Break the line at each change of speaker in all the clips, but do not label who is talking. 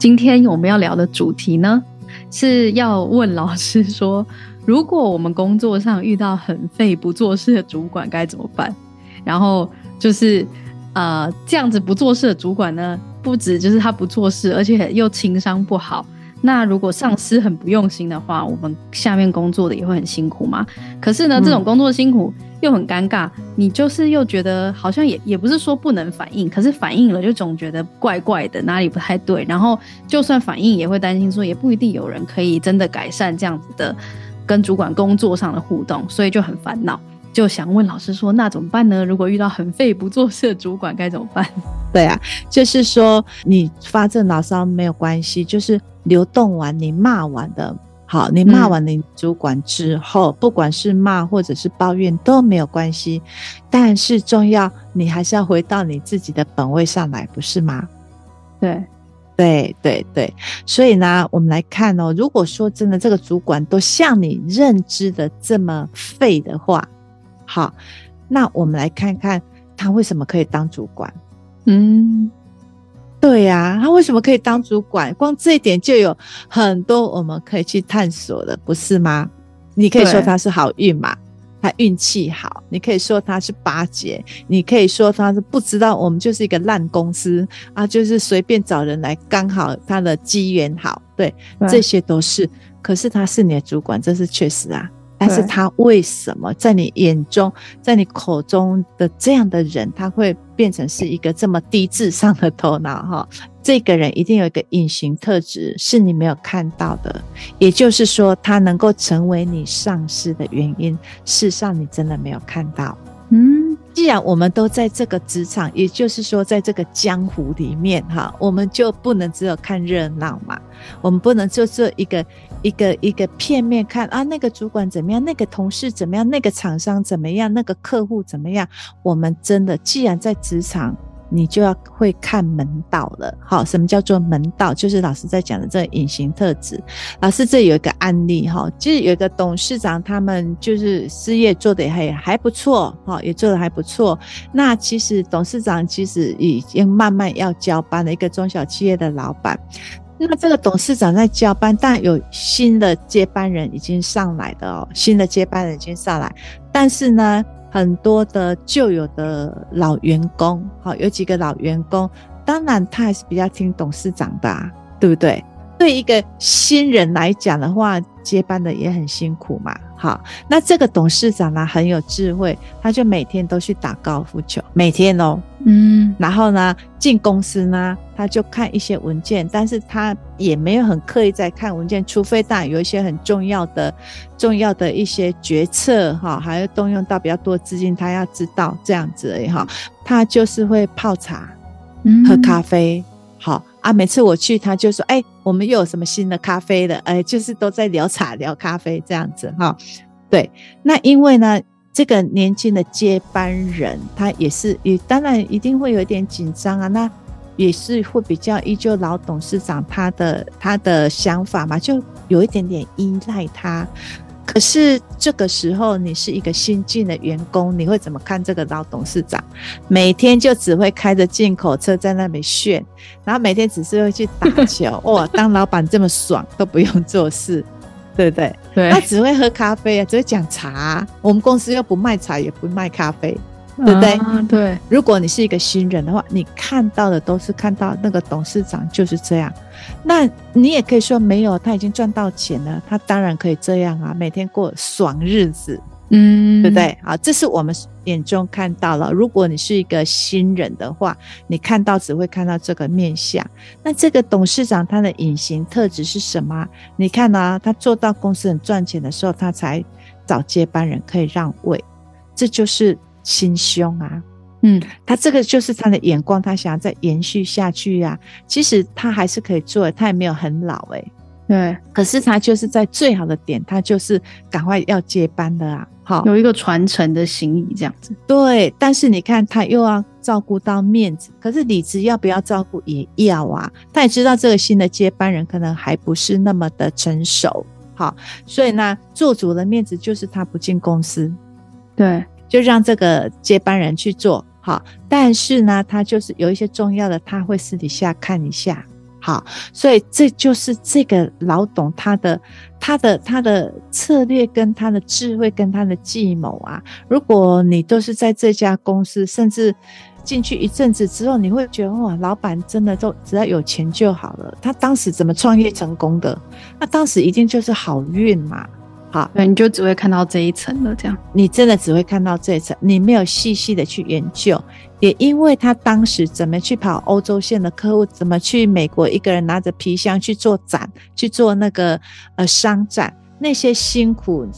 今天我們要聊的主題呢，是要問老師說：如果我們工作上遇到很廢不做事的主管該怎麼辦？然後就是。呃，這樣子不做事的主管呢，不止，就是他不做事，而且又情商不好。那如果上司很不用心的話，我們下面工作的也會很辛苦嘛。可是呢，這種工作辛苦又很尷尬，嗯、你就是又覺得好像也也不是說不能反應，可是反應了就總覺得怪怪的，哪裡不太對。然後就算反應，也會擔心說也不一定有人可以真的改善這樣子的跟主管工作上的互動，所以就很煩惱。就想問老師說，那怎麼辦呢？如果遇到很廢不做事的主管該怎麼
辦？對啊，就是說你發這牢騷沒有關係，就是流動完你罵完的，好，你罵完你主管之後，嗯、不管是罵或者是抱怨都沒有關係，但是重要你還是要回到你自己的本位上來，不是嗎？
對，
對，對，對。所以呢，我們來看哦，如果說真的這個主管都像你認知的這麼廢的話。好，那我們來看看他為什麼可以當主管。嗯，對呀，啊，他為什麼可以當主管？光這一點就有很多我們可以去探索的，不是嗎？你可以說他是好運嘛，對他運氣好；你可以說他是巴結；你可以說他是不知道我們就是一個爛公司啊，就是隨便找人來，剛好他的機緣好。對，對這些都是。可是他是你的主管，這是確實啊。但是他為什麼在你眼中、在你口中的這樣的人，他會變成是一個這麼低智商的頭腦？哈，這個人一定有一個隱形特質是你沒有看到的，也就是說，他能夠成為你上司的原因，事實上你真的沒有看到。既然我們都在這個職場，也就是說在這個江湖裡面哈，我們就不能只有看熱鬧嘛，我們不能就做一個一個一個片面看啊，那個主管怎麼樣，那個同事怎麼樣，那個廠商怎麼樣，那個客戶怎麼樣？我們真的既然在職場。你就要會看門道了，好，什麼叫做門道？就是老師在講的這個隱形特質。老師這有一個案例哈，就是有一個董事長，他們就是事業做得也還不錯，哈，也做得還不錯。那其實董事長其實已經慢慢要交班了，一個中小企業的老闆，那這個董事長在交班，當然有新的接班人已經上來了哦，新的接班人已經上來，但是呢。很多的舊有的老員工，好，有幾個老員工，當然他還是比較聽董事長的啊，對不對？對一個新人來講的話，接班的也很辛苦嘛。好，那這個董事長呢，很有智慧，他就每天都去打高爾夫球，每天哦，嗯，然後呢進公司呢，他就看一些文件，但是他也沒有很刻意在看文件，除非當然有一些很重要的、重要的一些決策哈、哦，還要動用到比較多資金，他要知道這樣子而已哈、哦，他就是會泡茶，喝咖啡，嗯、好。啊，每次我去，他就說：“哎，我們又有什麼新的咖啡了？”哎，就是都在聊茶、聊咖啡這樣子哈。對，那因為呢，這個年輕的接班人，他也是也當然一定會有點緊張啊。那也是會比較依舊老董事長他的他的想法嘛，就有一點點依賴他。可是這個時候，你是一個新進的員工，你會怎麼看這個老董事長？每天就只會開着進口車在那裡炫，然後每天只是會去打球。 哇，當老板這麼爽，都不用做事，對不對？對，他只會喝咖啡啊，只會講茶。我們公司又不賣茶，也不賣咖啡。對不對？啊、對，如果你是一個新人的話，你看到的都是看到那個董事長就是這樣。那你也可以說沒有，他已經賺到錢了，他當然可以這樣啊，每天過爽日子，嗯，對不對？好，這是我們眼中看到了。如果你是一個新人的話，你看到只會看到這個面相。那這個董事長他的隱形特質是什麼？你看啊，他做到公司很賺錢的時候，他才找接班人可以讓位，這就是。心胸啊，嗯，他這個就是他的眼光，他想要再延續下去呀、啊。其實他還是可以做的，他也沒有很老誒、欸。對，可是他就是在最好的點，他就是趕快要接班的啊。好，有一個傳承的心意這樣子。對，但是你看他又要照顧到面子，可是理智要不要照顧也要啊。他也知道這個新的接班人可能還不是那麼的成熟，好，所以呢，做足了面子就是他不進公司。對。就讓這個接班人去做，好，但是呢，他就是有一些重要的，他會私底下看一下，好，所以這就是這個老董他的他的他的策略跟他的智慧跟他的計謀啊。如果你都是在這家公司，甚至進去一陣子之後，你會覺得哇，老闆真的都只要有錢就好了。他當時怎麼創業成功的？那當時一定就是好運嘛。好，那你就只會看到這一層了。這樣，你真的只會看到這一層，你沒有細細的去研究。也因為他當時怎麼去跑歐洲線的客戶，怎麼去美國，一個人拿着皮箱去做展，去做那個呃商展，那些辛苦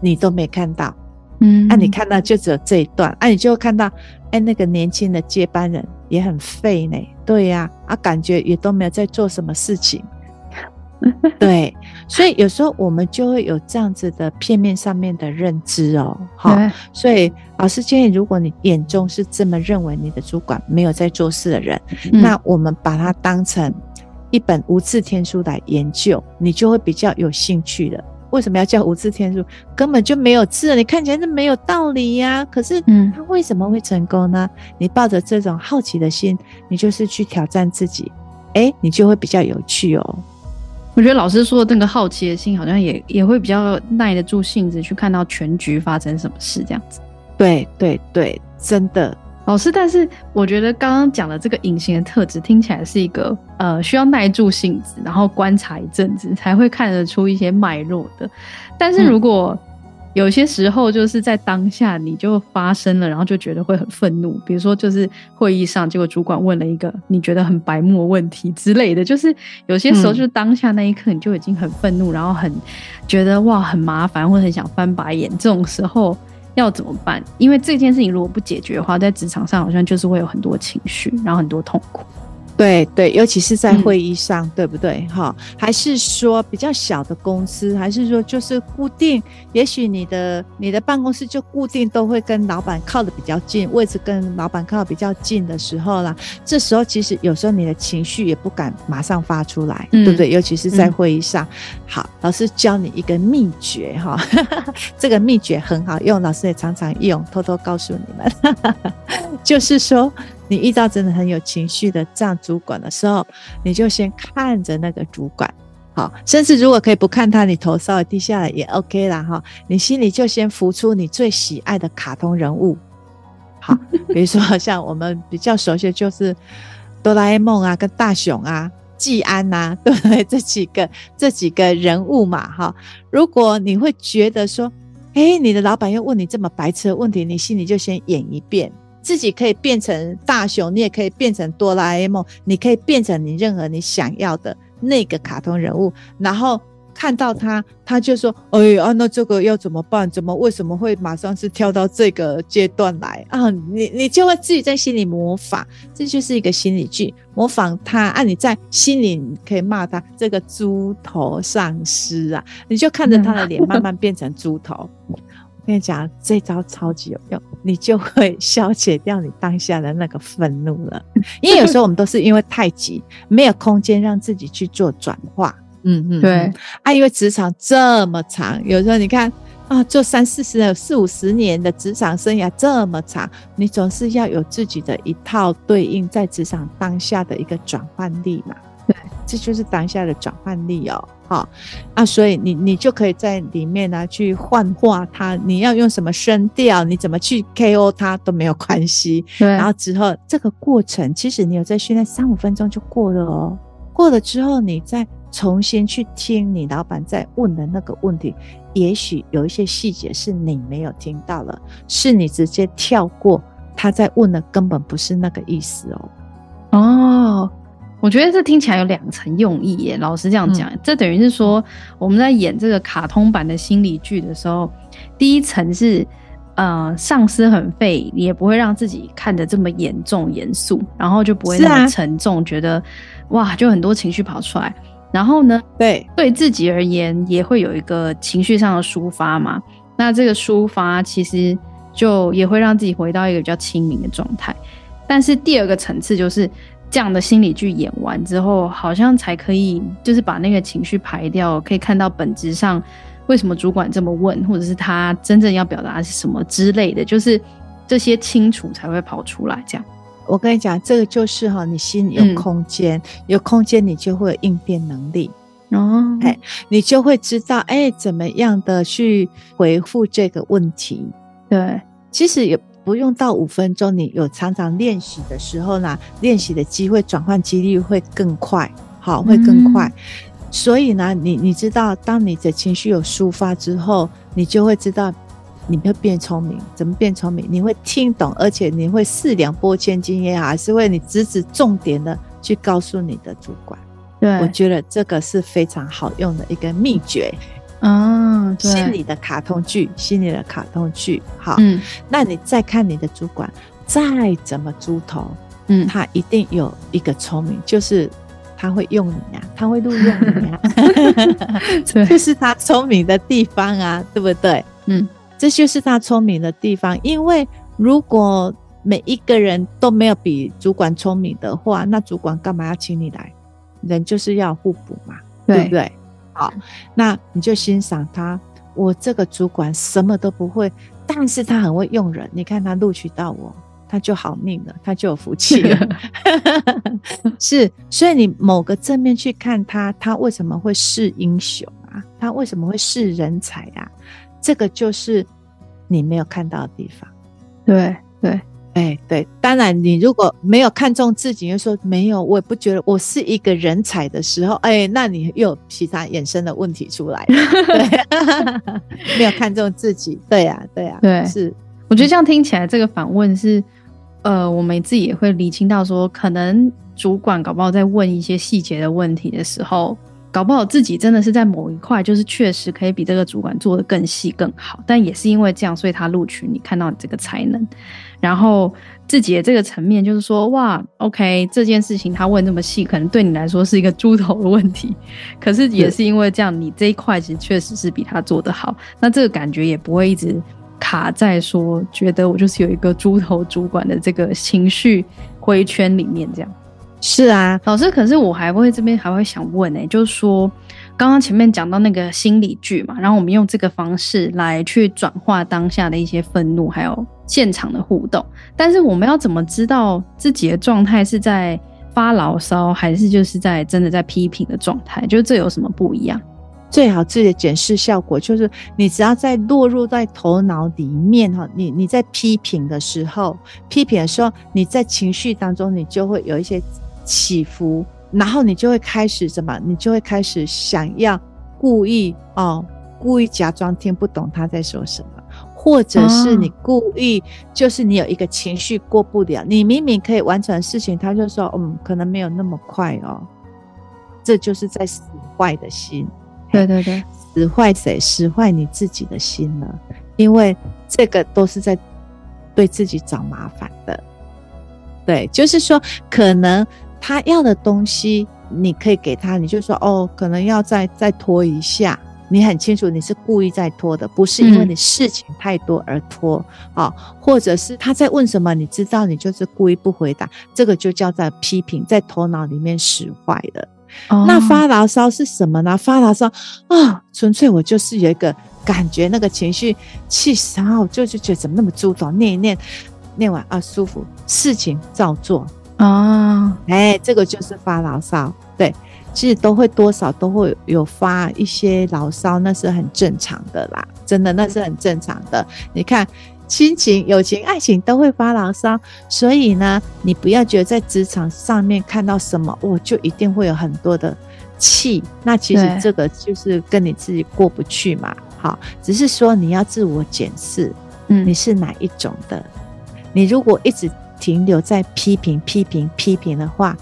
你都沒看到。嗯，
那你
看到就只有這一段，那你就會看到，哎，那個年輕的接班人也很廢呢。對呀，啊，感覺也都沒有在做什麼事情。 對，所以有時候我們就會有這樣子的片面上面的認知哦，好、嗯哦，所以老師建議，如果你眼中是這麼認為你的主管沒有在做事的人，嗯、那我們把它當成一本無字天書來研究，你就會比較有興趣了。為什麼要叫無字天書？根本就沒有字，你看起來是沒有道理呀、啊。可是，嗯，他為什麼會成功呢？你抱着這種好奇的心，你就是去挑戰自己，誒，你就會比較有趣哦。我覺得
老師說的那個好奇的心，好像也也會比較耐得住性子，去看到全局發生什麼事這樣子。對對對，真的，老師。但是我覺得剛剛講的這個隱形的特質，聽起來是一個呃需要耐住性子，然後觀察一陣子才會看得出一些脈絡的。但是如果、嗯有些時候就是在當下你就發生了，然後就覺得會很憤怒。比如說就是會議上，結果主管問了一個你覺得很白目問題之類的，就是有些時候就是當下那一刻你就已經很憤怒，嗯、然後很覺得哇很麻煩，或者很想翻白眼。這種時候要怎麼辦？因為這件事情如果不解決的話，在職場上好像就是會有很多情緒，
然後很多痛苦。對對，尤其是在會議上，嗯、對不對？哈，還是說比較小的公司，還是說就是固定？也許你的你的辦公室就固定，都會跟老闆靠得比較近，位置跟老闆靠得比較近的時候啦。這時候其實有時候你的情緒也不敢馬上發出來，嗯、對不對？尤其是在會議上。嗯、好，老師教你一個秘訣哈，哈，哈，這個秘訣很好用，老師也常常用，偷偷告訴你們，哈哈，就是說。你遇到真的很有情緒的這樣主管的時候，你就先看着那個主管，好，甚至如果可以不看他，你頭稍微低下來也 OK 啦。哈。你心裡就先浮出你最喜愛的卡通人物，好，比如說像我們比較熟悉的就是 哆啦 A 夢啊、跟大雄啊、技安吶、啊，對不對？這幾個這幾個人物嘛，哈。如果你會覺得說，哎，你的老闆又問你這麼白痴的問題，你心裡就先演一遍。自己可以變成大雄，你也可以變成哆啦 A 夢，你可以變成你任何你想要的那個卡通人物。然後看到他，他就說：“哎、欸、呀、啊，那這個要怎麼辦？怎麼為什麼會馬上是跳到這個階段來啊？”你你就會自己在心裡模仿，這就是一個心理劇，模仿他。啊，你在心裡你可以罵他這個豬頭喪屍啊，你就看着他的臉慢慢變成豬頭。 跟你講，這招超級有用，你就會消解掉你當下的那個憤怒了。因為有時候我們都是因為太急， 沒有空間讓自己去做轉化。 嗯嗯，對。啊，因為職場這麼長，有時候你看啊，做三四十年、四五十年的職場生涯這麼長，你總是要有自己的一套對應在職場當下的一個轉換力嘛。對，這就是當下的轉換力哦。啊，所以你你就可以在裡面呢、啊、去幻化它，你要用什麼聲調，你怎麼去 KO 他都沒有關係。對然後之後這個過程，其實你有在訓練，三五分鐘就過了哦。過了之後，你再重新去聽你老板在問的那個問題，也許有一些細節是你沒有聽到了，是你直接跳過，他在問的根本不是那個意思哦。哦。我覺得這聽起來有兩層用意耶。老師這樣講，嗯、這等於
是說我們在演這個卡通版的心理劇的時候，第一層是，呃，上司很廢，也不會讓自己看得這麼嚴重嚴肅，然後就不會那麼沉重，啊、覺得哇，就很多情緒跑出來。然後呢，對，對自己而言也會有一個情緒上的抒發嘛。那這個抒發其實就也會讓自己回到一個比較清明的狀態。但是第二個層次就是。這樣的心理劇演完之後，好像才可以就是把那個情緒排掉，可以看到本質上為什麼主管這麼問，或者是他真正要表達是什
麼之類的，就是這些清楚才會跑出來。這樣，我跟你講，這個就是哈、喔，你心裡有空間，嗯、有空間你就會有應變能力哦，哎、欸，你就會知道哎、欸、怎麼樣的去回復這個問題。對，其實也。不用到五分鐘，你有常常練習的時候呢，練習的機會轉換幾率會更快，好，會更快。嗯、所以呢，你你知道，當你的情緒有抒發之後，你就會知道你會變聰明，怎麼變聰明？你會聽懂，而且你會四兩撥千斤也好，還是，為你直指重點的去告訴你的主管。對，我覺得這個是非常好用的一個秘訣。哦，對。心理的卡通劇，心理的卡通劇，好。嗯，那你再看你的主管再怎麼豬頭，嗯，他一定有一個聰明，就是他會用你呀、啊，他會錄用你呀、啊，哈哈哈哈哈，這是他聰明的地方啊，對不對？嗯，這就是他聰明的地方，因為如果每一個人都沒有比主管聰明的話，那主管幹嘛要請你來？人就是要互補嘛，對，對不對？好，那你就欣賞他。我這個主管什麼都不會，但是他很會用人。你看他錄取到我，他就好命了，他就有福氣了。 是，所以你某個正面去看他，他為什麼會是英雄啊？他為什麼會是人才啊？這個就是你沒有看到的地方。對對。對。哎、欸，對，當然，你如果沒有看重自己，又說沒有，我也不覺得我是一個人才的時候，哎、欸，那你又有其他衍生的問題出來了、 啊。沒有看重自己。對呀、啊，對呀、啊，對，是。
我覺得這樣聽起來，這個反問是，嗯、呃，我們自己也會理清到說，可能主管搞不好在問一些細節的問題的時候。搞不好自己真的是在某一塊，就是確實可以比這個主管做的更細更好，但也是因為這樣，所以他錄取你，看到你這個才能。然後自己的這個層面就是說，哇，OK，這件事情他問那麼細，可能對你來說是一個豬頭的問題，可是也是因為這樣，你這一塊其實確實是比他做的好。那這個感覺也不會一直卡在說，覺得我就是有一個豬頭主管的這個情緒灰圈裡面這樣。是啊，老師，可是我還會這邊還會想問誒，欸，就是說剛剛前面講到那個心理劇嘛，然後我們用這個方式來去轉化當下的一些憤怒，還有現場的互動。但是我們要怎麼知道自己的狀態是
在發牢騷，還是就是在真的在批評的狀態？就這有什麼不一樣？最好自己的檢視效果就是，你只要在落入在頭腦裡面哈，你你在批評的時候，批評的時候，你在情緒當中，你就會有一些。起伏，然後你就會開始什麼？你就會開始想要故意哦、嗯，故意假裝聽不懂他在說什麼，或者是你故意，就是你有一個情緒過不了，哦、你明明可以完成事情，他就說：“嗯，可能沒有那麼快哦。”這就是在使壞的心，對對對，使壞誰？使壞你自己的心呢，因為這個都是在對自己找麻煩的。對，就是說可能。他要的東西，你可以給他，你就說哦，可能要再再拖一下。你很清楚，你是故意在拖的，不是因為你事情太多而拖啊、嗯哦，或者是他在問什麼，你知道，你就是故意不回答。這個就叫在批評，在頭腦裡面使壞的。哦、那發牢騷是什麼呢？發牢騷啊，純、哦、粹我就是有一個感覺，那個情緒氣燒，就是覺得怎麼那麼豬頭，念一念，念完啊舒服，事情照做。哦，哎、欸，這個就是發牢騷，對，其實都會多少都會有發一些牢騷，那是很正常的啦，真的，那是很正常的。你看，親情、友情、愛情都會發牢騷，所以呢，你不要覺得在職場上面看到什麼，我、哦、就一定會有很多的氣，那其實這個就是跟你自己過不去嘛。對，好，只是說你要自我檢視，嗯，你是哪一種的？嗯、你如果一直。停留在批評、批評、批評的話，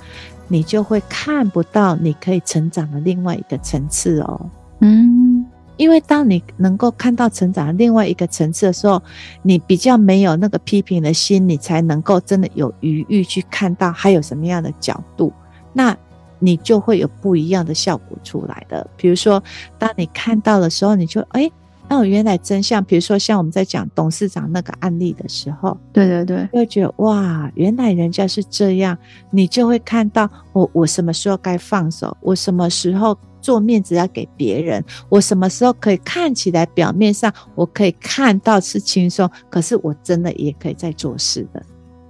你就會看不到你可以成長的另外一個層次哦、喔。嗯，因為當你能夠看到成長的另外一個層次的時候，你比較沒有那個批評的心，你才能夠真的有餘裕去看到還有什麼樣的角度，那你就會有不一樣的效果出來的。比如說，當你看到的時候，你就哎。欸那我原來真相，比如說像我們在講董事長那個案例的時候，對對對，就會覺得哇，原來人家是這樣，你就會看到我我什麼時候該放手，我什麼時候做面子要給別人，我什麼時候可以看起來表面上我可以看到是輕鬆，可是我真的也可以在做事的，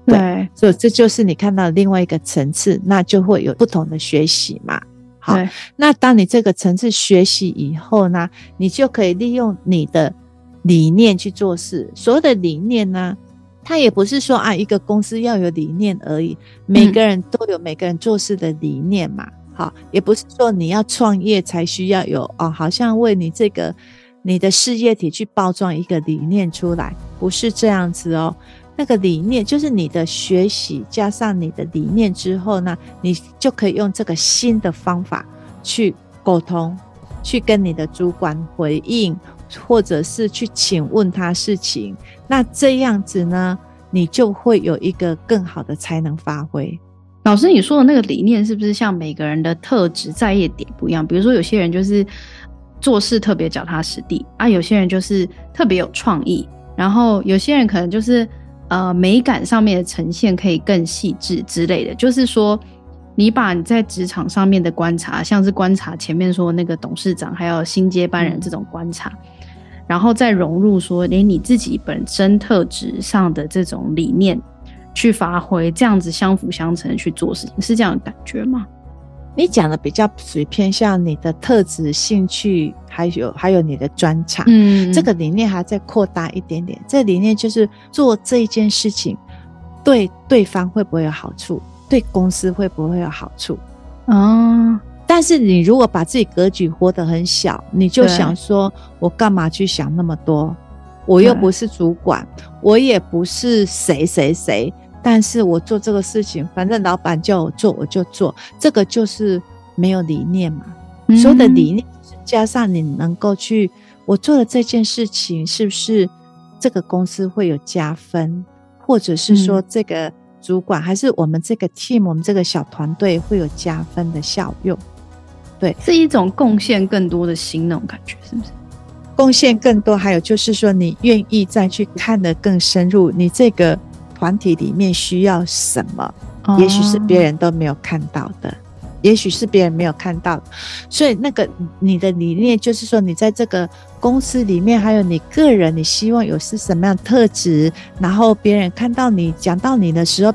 對，
對，所以這就是你看到的另外一個層次，那就會有不同的學習嘛。對，那當你這個層次學習以後呢，你就可以利用你的理念去做事。所有的理念呢、啊，它也不是說啊，一個公司要有理念而已，每個人都有每個人做事的理念嘛。好，也不是說你要創業才需要有哦，好像為你這個你的事業體去包裝一個理念出來，不是這樣子哦。那個理念就是你的學習加上你的理念之後呢，你就可以用這個新的方法去溝通，去跟你的主管回應，或者是去請問他事情。那這樣子呢，你就會有一個更好的才能發揮。老師，你說的那個理念是不是像每個人的特質在一點不一樣？比如說，有些人就是
做事特別腳踏實地啊，有些人就是特別有創意，然後有些人可能就是。呃，美感上面的呈現可以更細緻之類的，就是說，你把你在職場上面的觀察，像是觀察前面說那個董事長還有新接班人這種觀察，然後再融入說，連你自己本身特質上的這種理念去發揮，這樣子相輔相成去做
事情，是這樣的感覺嗎？你講的比較屬於偏向你的特質、興趣，還有還有你的專長。嗯，這個理念還在擴大一點點。這個、理念就是做這一件事情，對,對對方會不會有好處？對公司會不會有好處？嗯，但是你如果把自己格局活得很小，你就想說，我幹嘛去想那麼多？對 我又不是主管，我也不是誰誰誰。但是我做這個事情，反正老闆叫我做，我就做。這個就是沒有理念嘛。所有、嗯、的理念是加上你能夠去，我做的這件事情是不是這個公司會有加分，或者是說這個主管、嗯、還是我們這個 team，我們這個小團隊會有加分的效用？對，是一種貢獻更多的心那種感覺，是不是？貢獻更多，還有就是說，你願意再去看得更深入，你這個。團體裡面需要什麼？也許是別人都沒有看到的，oh. 也許是別人沒有看到。所以那個你的理念就是說，你在這個公司裡面，還有你個人，你希望有是什麼樣的特質？然後別人看到你講到你的時候，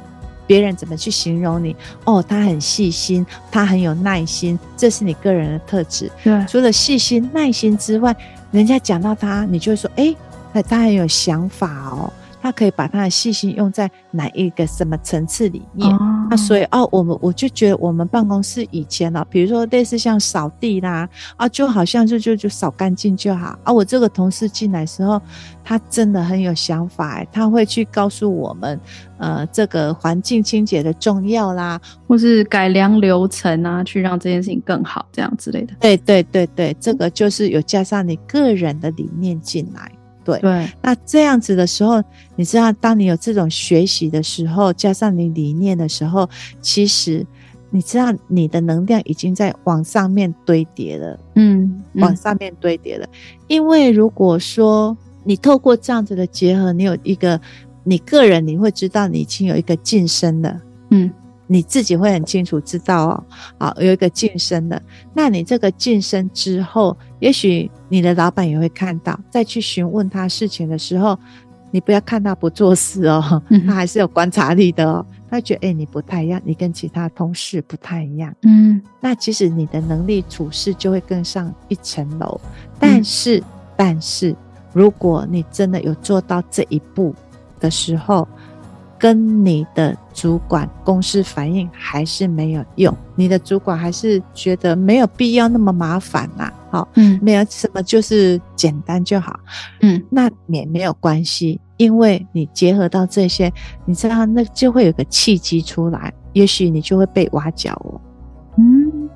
別人怎麼去形容你？哦，他很細心，他很有耐心，這是你個人的特質。對，Yeah. 除了細心、耐心之外，人家講到他，你就會說，哎、欸，他他很有想法哦、喔。他可以把他的細心用在哪一個什麼層次裡面？哦、那所以哦，我們我就覺得我們辦公室以前呢，比如說類似像掃地啦啊，就好像就就就掃乾淨就好啊。我這個同事進來的時候，他真的很有想法、欸，他會去告訴我們，呃，這個環境清潔的重要啦，或是改良流程啊，去讓這件事情更好這樣之類的。對對對對，這個就是有加上你個人的理念進來。對，那這樣子的時候，你知道，當你有這種學習的時候，加上你理念的時候，其實你知道，你的能量已經在往上面堆疊了，嗯，嗯，往上面堆疊了。因為如果說你透過這樣子的結合，你有一個你個人，你會知道你已經有一個晉升了，嗯。你自己會很清楚知道哦，好、啊、有一個晉升的，那你這個晉升之後，也許你的老闆也會看到，再去詢問他事情的時候，你不要看他不做事哦，他還是有觀察力的哦，嗯、他覺得誒、欸、你不太一樣，你跟其他同事不太一樣，嗯，那其實你的能力處事就會更上一層樓，但是、嗯、但是如果你真的有做到這一步的時候。跟你的主管公司反映還是沒有用，你的主管還是覺得沒有必要那麼麻煩吶、啊。好、哦，嗯，沒有什麼，就是簡單就好。嗯，那也沒有關係，因為你結合到這些，你知道，那就會有個契機出來，也許你就會被挖角哦。嗯，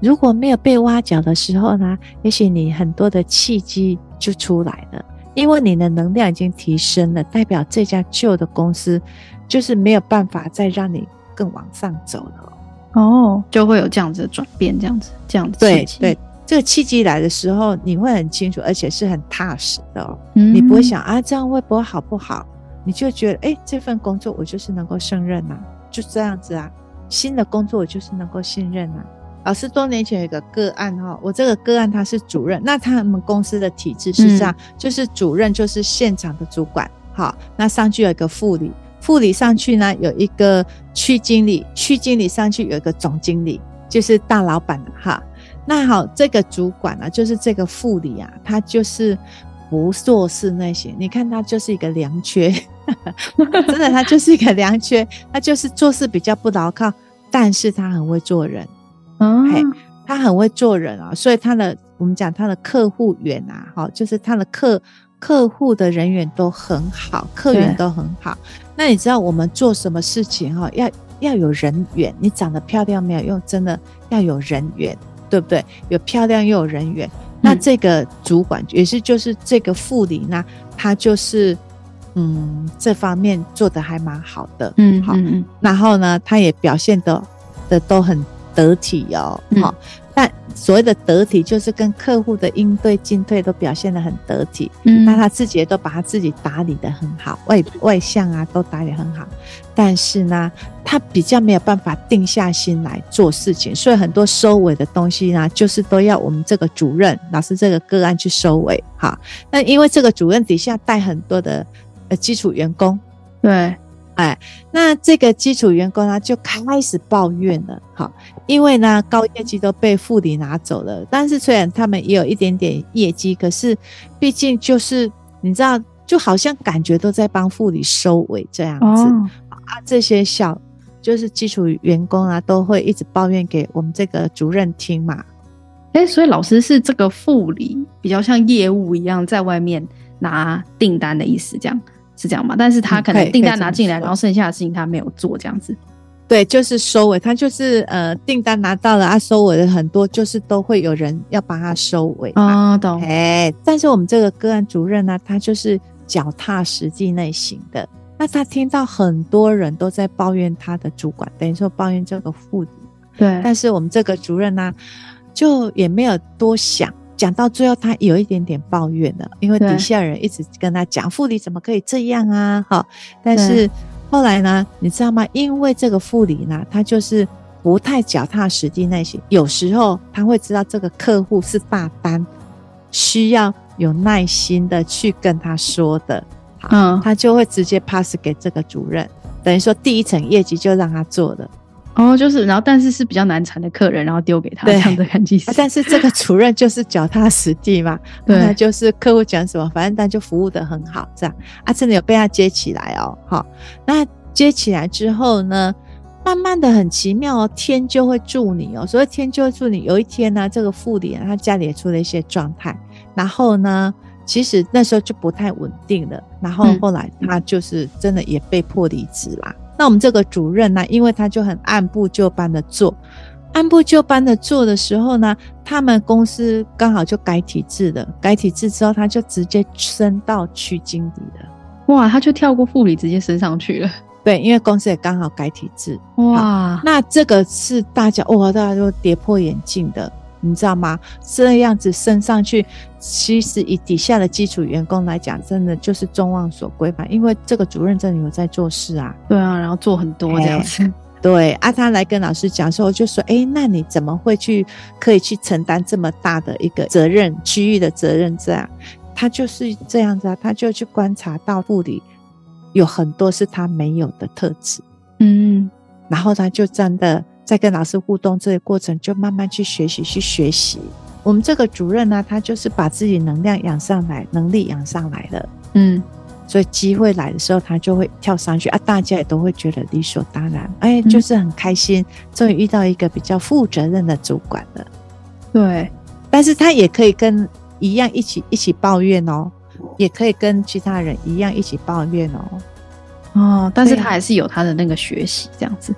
如果沒有被挖角的時候呢，也許你很多的契機就出來了。因為你的能量已經提升了，代表這家舊的公司就是沒有辦法再讓你更往上走了哦，oh, 就會有這樣子的轉變，這樣子，這樣子。對對，這個契機來的時候，你會很清楚，而且是很踏實的、哦。嗯、mm，hmm. 你不會想啊，這樣微不好不好？你就覺得誒這份工作我就是能夠勝任吶、啊，就這樣子啊，新的工作我就是能夠信任吶、啊。老師多年前有個個案哈，我這個個案他是主任，那他們公司的體制是這樣，嗯、就是主任就是現場的主管，好，那上去有一個副理，副理上去呢有一個區經理，區經理上去有一個總經理，就是大老板哈。那好，這個主管啊，就是這個副理啊，他就是不做事那些，你看他就是一個良缺， 真的他就是一個良缺，他就是做事比較不牢靠，但是他很會做人。嘿，他很會做人啊，哦，所以他的我們講他的客戶緣啊，哈，哦，就是他的客客戶的人緣都很好，客源都很好。對那你知道我們做什麼事情哈，哦，要要有人緣，你長得漂亮沒有用，真的要有人緣，對不對？有漂亮又有人緣，嗯、那這個主管也是就是這個副理呢，他就是嗯這方面做的還蠻好的，嗯，嗯，嗯，好，然後呢，他也表現的的都很，得體哦，好、嗯，但所謂的得體，就是跟客戶的應對進退都表現得很得體。嗯，那他自己也都把他自己打理得很好，外外向啊都打理得很好，但是呢，他比較沒有辦法定下心來做事情，所以很多收尾的東西呢，就是都要我們這個主任老師這個個案去收尾。哈，那因為這個主任底下帶很多的呃基礎員工，對。哎，那這個基礎員工呢，就開始抱怨了，好，因為呢高業績都被副理拿走了，但是雖然他們也有一點點業績，可是畢竟就是你知道，就好像感覺都在幫副理收尾這樣子，哦，啊，這些小就是基礎員工啊都會一直抱怨給我們這個主任聽嘛。哎、欸，所以老師是這個副
理比較像業務一樣在外面拿訂單的意思，這樣。是這樣嗎？但是他可能訂單拿進來，嗯、然後剩下的事情他沒有做這樣子。
對，就是收尾，他就是呃，訂單拿到了，他、啊、收尾的很多，就是都會有人要幫他收尾哦，懂哎，但是我們這個個案主任呢、啊，他就是腳踏實地類型的。那他聽到很多人都在抱怨他的主管，等於說抱怨這個副理。對，但是我們這個主任呢、啊，就也沒有多想。講到最後，他有一點點抱怨了，因為底下人一直跟他講，對副理怎麼可以這樣啊？哈，但是後來呢，你知道嗎？因為這個副理呢，他就是不太腳踏實地那些，有時候他會知道這個客戶是大單，需要有耐心的去跟他說的，嗯，他就會直接 pass 給這個主任，等於說第一層業績就讓他做的。哦，就是，然後但是是比較難纏的客人，然後丟給他對這樣的感覺，啊。但是這個主任就是腳踏實地嘛，對， 就是客戶講什麼，反正他就服務得很好，這樣啊，真的有被他接起來哦，好，哦，那接起來之後呢，慢慢的很奇妙，哦，天就會助你哦，所以天就會助你。有一天呢，啊，這個副理，啊，他家裡也出了一些狀態，然後呢，其實那時候就不太穩定了，然後後來他就是真的也被迫離職啦。嗯嗯那我們這個主任呢？因為他就很按部就班的做，按部就班的做的時候呢，他們公司剛好就改體制了，改體制之後，他就直接升到區經理了。哇，他就跳過副理直接升上去了。對，因為公司也剛好改體制，
哇，
那這個是大家哇，大家都跌破眼鏡的。你知道嗎？這樣子升上去，其實以底下的基礎員工來講，真的就是眾望所歸嘛。因為這個主任真的有在做事啊，對啊，然後做很多這樣子。欸、 對，阿、啊、他來跟老師講說，我就說，哎、欸，那你怎麼會去可以去承擔這麼大的一個責任區域的責任？這樣，他就是這樣子啊，他就去觀察到部裡有很多是他沒有的特質，嗯，然後他就真的。在跟老師互動這個過程，就慢慢去學習，去學習。我們這個主任呢、啊，他就是把自己能量養上來，能力養上來了，
嗯，
所以機會來的時候，他就會跳上去啊，大家也都會覺得理所當然，哎、欸，就是很開心，終於、嗯、遇到一個比較負責任的主管了。對，但是他也可以跟一樣一起一起抱怨哦、喔，也可以跟其他人一樣一起抱怨哦、喔，哦，但是他還是有他的那個學習這樣子。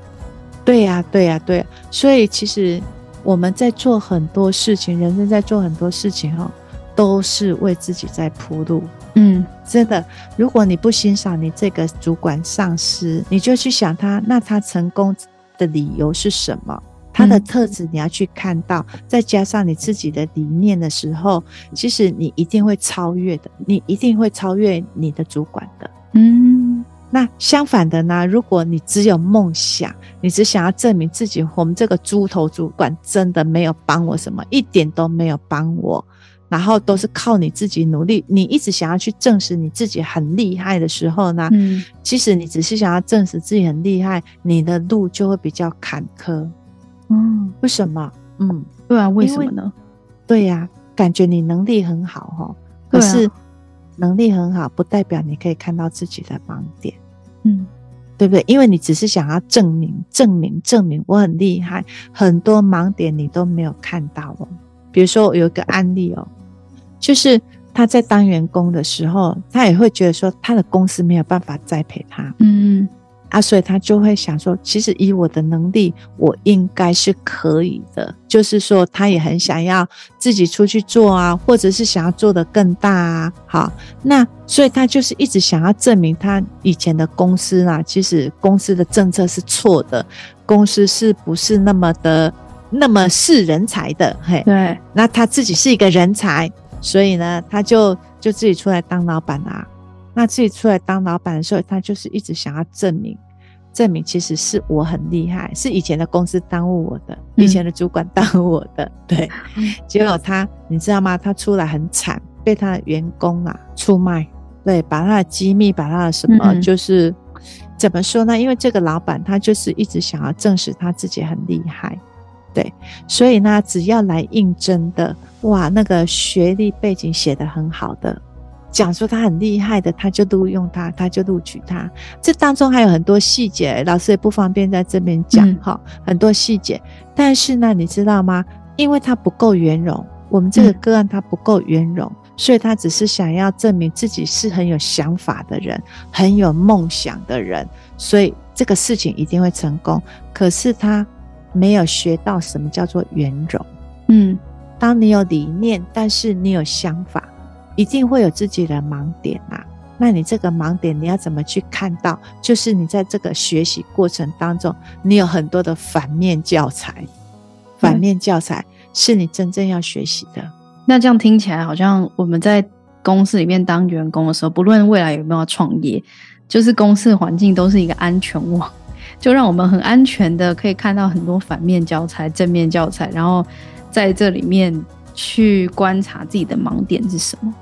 對呀、啊，對呀、啊，對、啊。所以其實我們在做很多事情，人生在做很多事情哈，都是為自己在鋪路。嗯，真的。如果你不欣賞你這個主管上司，你就去想他，那他成功的理由是什麼？他的特質你要去看到，嗯、再加上你自己的理念的時候，其實你一定會超越的，你一定會超越你的主管的。嗯。那相反的呢？如果你只有夢想，你只想要證明自己，我們這個豬頭主管真的沒有幫我什麼，一點都沒有幫我，然後都是靠你自己努力。你一直想要去證實你自己很厲害的時候呢？嗯，其實你只是想要證實自己很厲害，你的路就會比較坎坷。
嗯，
為什麼？嗯，對啊，為什麼呢？對呀，啊，感覺你能力很好哈，可是能力很好不代表你可以看到自己的盲點。嗯，對不對？因為你只是想要證明、證明、證明，我很厲害，很多盲點你都沒有看到哦。比如說我有一個案例哦，就是他在當員工的時候，他也會覺得說他的公司沒有辦法栽培他。嗯，嗯。啊，所以他就會想說，其實以我的能力，我應該是可以的。就是說，他也很想要自己出去做啊，或者是想要做得更大啊。好，那所以他就是一直想要證明他以前的公司啊，其實公司的政策是錯的，公司是不是那麼的那麼是人才的？嘿，對。那他自己是一個人才，所以呢，他就就自己出來當老闆啊。那自己出來當老板的時候，他就是一直想要證明，證明其實是我很厲害，是以前的公司耽誤我的，嗯、以前的主管耽誤我的，對。結果他，你知道嗎？他出來很慘，被他的員工啊出賣，對，把他的機密，把他的什麼，嗯嗯，就是怎麼說呢？因為這個老板他就是一直想要證實他自己很厲害，對。所以呢，只要來應徵的，哇，那個學歷背景寫得很好的。講說他很厲害的，他就錄用他，他就錄取他。這當中還有很多細節，老師也不方便在這邊講哈，嗯、很多細節。但是呢，你知道嗎？因為他不夠圓融，我們這個個案他不夠圓融，嗯、所以他只是想要證明自己是很有想法的人，很有夢想的人，所以這個事情一定會成功。可是他沒有學到什麼叫做圓融。嗯，當你有理念，但是你有想法，一定會有自己的盲點啊！那你這個盲點，你要怎麼去看到？就是你在這個學習過程當中，你有很多的反面教材，反面教材是你真正要學習的。
嗯，那這樣聽起來，好像我們在公司裡面當員工的時候，不論未來有沒有創業，就是公司的環境都是一個安全網，就讓我們很安全的可以看到很多反面教材、正面教材，然後在這裡面去觀察自
己的盲點是什麼。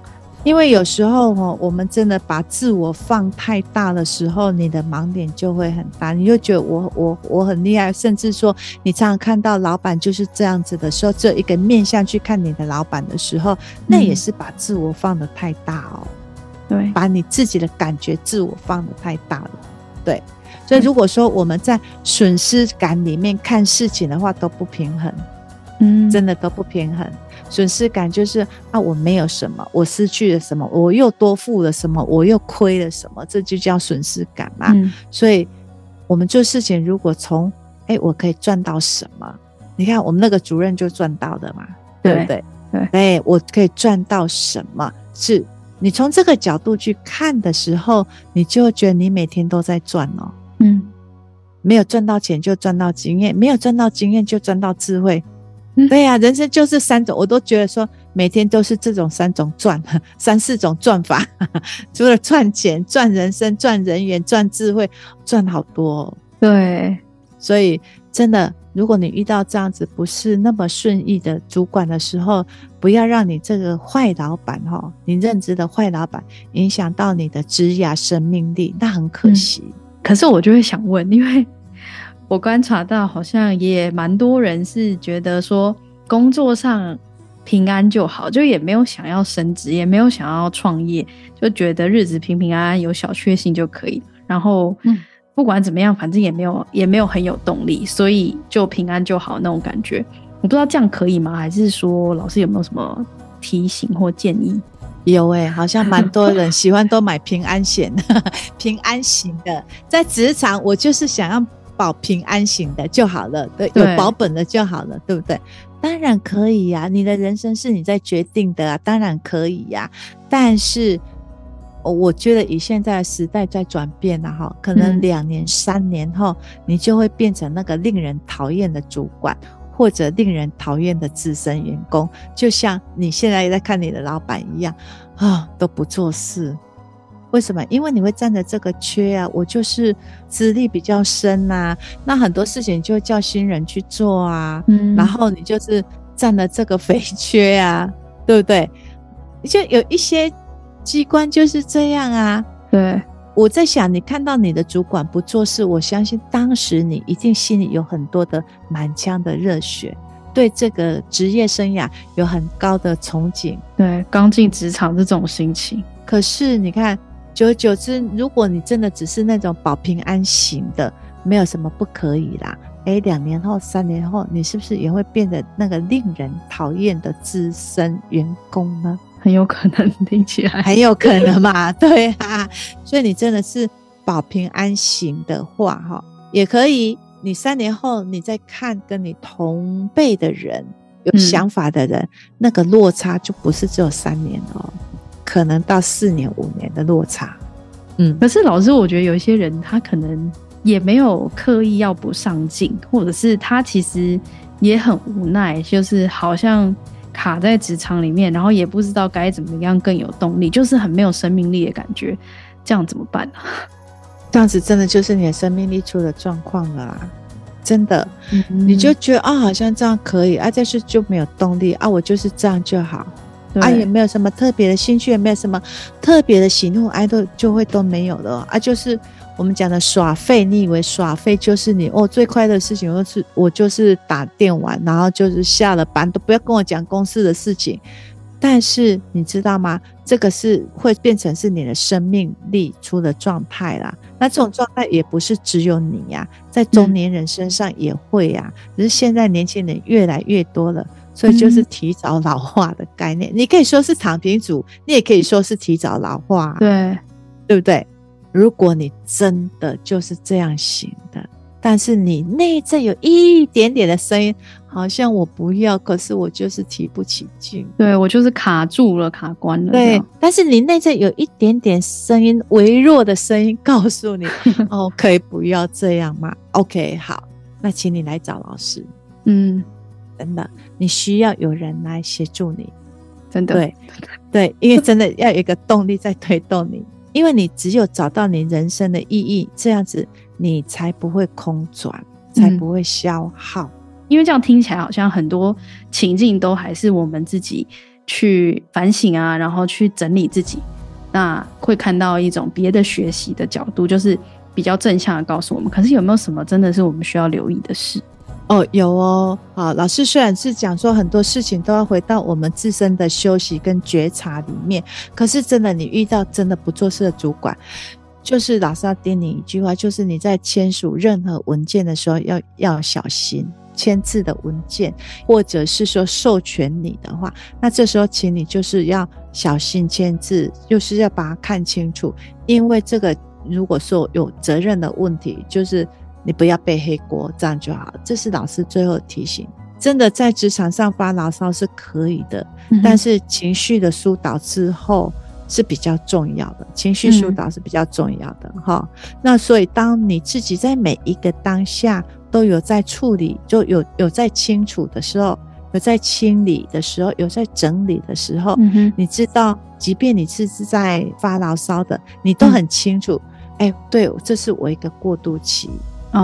因為有時候哈、哦，我們真的把自我放太大的時候，你的盲點就會很大。你就覺得我我我很厲害，甚至說你常常看到老闆就是這樣子的時候，這一個面向去看你的老闆的時候，那也是把自我放得太大哦。嗯、對，把你自己的感覺自我放得太大了。對，所以如果說我們在損失感裡面看事情的話，都不平衡。嗯，真的都不平衡。損失感就是啊，我沒有什麼，我失去了什麼，我又多付了什麼，我又虧了什麼，這就叫損失感嘛。嗯、所以我們做事情，如果從誒、欸，我可以賺到什麼？你看我們那個主任就賺到的嘛，對，對不對？誒對、欸，我可以賺到什麼？是你從這個角度去看的時候，你就覺得你每天都在賺哦、喔。嗯沒，沒有賺到錢就賺到經驗，沒有賺到經驗就賺到智慧。對呀、啊，人生就是三種，我都覺得說每天都是這種三種賺，三四種賺法，除了賺錢、賺人生、賺人緣、賺智慧，賺好多、哦。對，所以真的，如果你遇到這樣子不是那麼順意的主管的時候，不要讓你這個壞老闆哈，你認知的壞老闆影響到你的職涯生命力，那很可惜、嗯。可是我就會想問，因為。我觀察到，好像也
蠻多人是覺得說工作上平安就好，就也沒有想要升職，也沒有想要創業，就覺得日子平平安安，有小確幸就可以。然後不管怎麼樣，嗯、反正也沒有也沒有很有動力，所以就
平安就好那種感覺。我不知道這樣可以嗎？還是說老師有沒有什麼提醒或建議？有誒、欸，好像蠻多人喜歡都買平安險、 平安型的。在職場，我就是想要。保平安型的就好了，對，有保本的就好了，對，對不對？當然可以呀、啊，你的人生是你在決定的啊，當然可以呀、啊。但是，我覺得以現在時代在轉變了、啊、哈，可能兩年三年後，嗯、你就會變成那個令人討厭的主管，或者令人討厭的資深員工，就像你現在在看你的老板一樣啊、哦，都不做事。為什麼？因為你會站在這個缺啊，我就是資歷比較深吶、啊，那很多事情就叫新人去做啊，嗯，然後你就是占了這個肥缺啊，對不對？就有一些機關就是這樣啊。對，我在想，你看到你的主管不做事，我相信當時你一定心裡有很多的滿腔的熱血，對這個職業生涯有很高的憧憬，對，剛進職場這種心情。可是你看。久而久之，如果你真的只是那種保平安型的，沒有什麼不可以啦。誒，兩年後、三年後，你是不是也會變得那個令人討厭的資深員工呢？很有可能，聽起來很有可能嘛，對啊。 所以你真的是保平安型的話，哈，也可以。你三年後，你再看跟你同輩的人、有想法的人，嗯、那個落差就不是只有三年哦。可能到四年、五年的落差，嗯，可是老師，我覺得有一些人他可能也沒有刻意要不上進，或者是他
其實也很無奈，就是好像卡在職場裡面，然後也不知道該怎麼樣更有動力，就是很沒有生命力的感覺，這樣怎麼辦呢、啊？
這樣子真的就是你的生命力出的狀況了啦，真的，嗯嗯，你就覺得啊、哦，好像這樣可以啊，但是就沒有動力啊，我就是這樣就好。對啊，也沒有什麼特別的興趣，也沒有什麼特別的喜怒哀樂，就會都沒有了，哦，啊！就是我們講的耍廢，你以為耍廢就是你哦？最快樂的事情就是我就是打電玩，然後就是下了班都不要跟我講公司的事情。但是你知道嗎？這個是會變成是你的生命力出的狀態啦。那這種狀態也不是只有你呀，啊，在中年人身上也會呀，啊，嗯，只是現在年輕人越來越多了。所以就是提早老化的概念，嗯、你可以說是躺平族，你也可以說是提早老化，對，對不對？如果你真的就是這樣型的，但是你內在有一點點的聲音，好像我不要，可是我就是提不起勁，
對，我就是卡
住了，卡關了。對，但是你內在有一點點聲音，微弱的聲音告訴你， 哦，可以不要這樣嗎？OK，好，那請你來找老師。
嗯，
等等。你需要有人來協助你，真的對對，因為真的要有一個動力在推動你， 因為你只有找到你人生的意義，這樣子你才不會空轉，才不會消耗。嗯。因為這樣聽起來好像很多情境都還是我們自己去
反省啊，然後去整理自己，那會看到一種別的學習的角度，就是比較正向的告訴我們。可是有沒有什麼真的是我們需要留意的事？哦，
有哦！好，老師雖然是講說很多事情都要回到我們自身的休息跟覺察裡面，可是真的，你遇到真的不做事的主管，就是老師要叮你一句話，就是你在簽署任何文件的時候要要小心簽字的文件，或者是說授權你的話，那這時候請你就是要小心簽字，就是要把它看清楚，因為這個如果說有責任的問題，就是。你不要背黑鍋，這樣就好。這是老師最後提醒。真的在職場上發牢騷是可以的，嗯、哼但是情緒的疏導之後是比較重要的。情緒疏導是比較重要的哈、嗯。那所以當你自己在每一個當下都有在處理，就有有在清楚的時候，有在清理的時候，有在清理的時候，有在整理的時候，嗯、哼你知道，即便你是是在發牢騷的，你都很清楚。哎、嗯欸，對，這是我一個過渡期。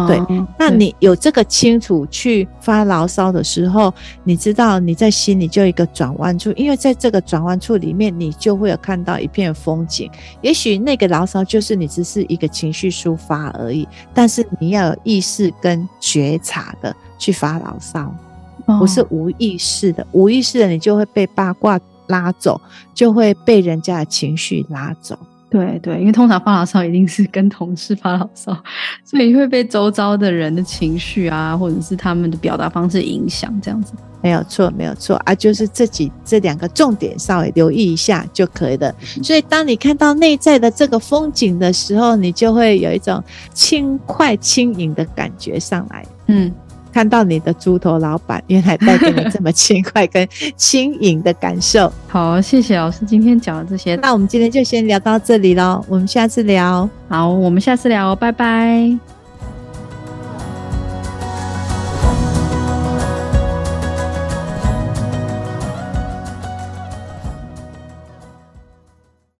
對，oh, 那你
有這個清楚去發牢騷的時候，對你知道你在心裡就有一個轉彎處，因為在這個轉彎處裡面，你就會有看到一片風景。也許那個牢騷就是你只是一個情緒抒發而已，但是你要有意識跟覺察的去發牢騷，oh. 不是無意識的。無意識的，你就會被八卦拉走，就會被人家的情緒拉走。
對對，因為通常發牢騷一定是跟同事發牢騷，
所以會被周遭的人的情緒啊，或者是他們的表達方式影響，這樣子沒有錯，沒有錯啊，就是這幾這兩個重點稍微留意一下就可以了。嗯，所以當你看到內在的這個風景的時候，你就會有一種輕快輕盈的感覺上來，嗯。看到你的豬頭老板，原來帶給你這麼輕快跟 輕盈的感受。好，謝謝老師今天講的這些，那我們今天就先聊到這裡嘍，我們下次聊。好，我們下次聊，拜拜。